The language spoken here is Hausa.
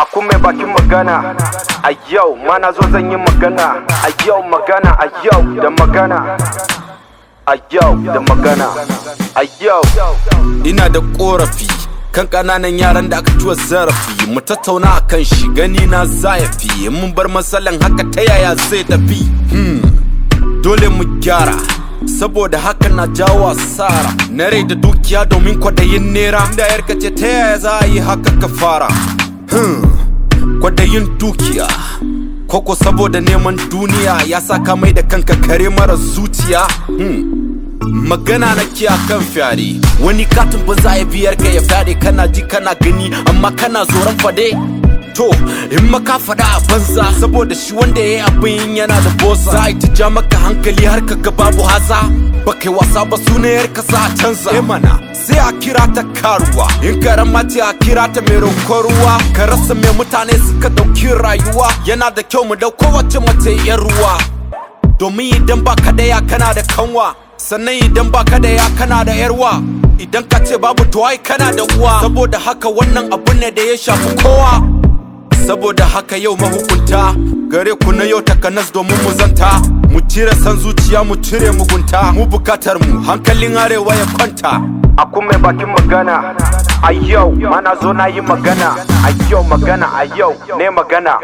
a kuma bakin magana a yau mana zo zan yi magana a yau magana a yau da magana a yau da magana a yau ina da korafi kan kananan yaran da aka tuwa zarafi mu tattauna a kan shi gani na zayafi mun bar matsalan haka ta yaya zai tafi hmm. dole mu gyara saboda haka na jawo asara na rai da dukiya domin kwadayin nera da yarka ce ta yaya za a yi haka ka fara hmm. kwaɗayin dukiya koko saboda neman duniya ya saka mai da kanka kare mara zuciya hmm. magana na kiya kan fyare wani katin ba za ya biyar ka ya fyare kana ji kana gani amma kana zoron fade to in maka faɗa a banza saboda shi wanda ya yi abin yana da bosa za a ta ja maka hankali har ka ga babu haza ba kai wasa ba sunayar ka sa a canza eh mana sai a kira ta karuwa in karama ce a kira ta mai roƙon ruwa ka rasa mai mutane suka dauki rayuwa yana da kyau mu dauko wace mace yan ruwa domin idan ba ka daya kana da kanwa sannan idan ba ka daya kana da yarwa idan ka ce babu to ai kana da uwa saboda haka wannan abun ne da ya shafi kowa saboda haka yau mahukunta gare ku na yau takanas domin mu zanta mu cire san zuciya mu cire mugunta mu bukatar mu hankalin arewa ya kwanta a mai bakin magana a yau mana zo na yi magana a yau magana a yau ne magana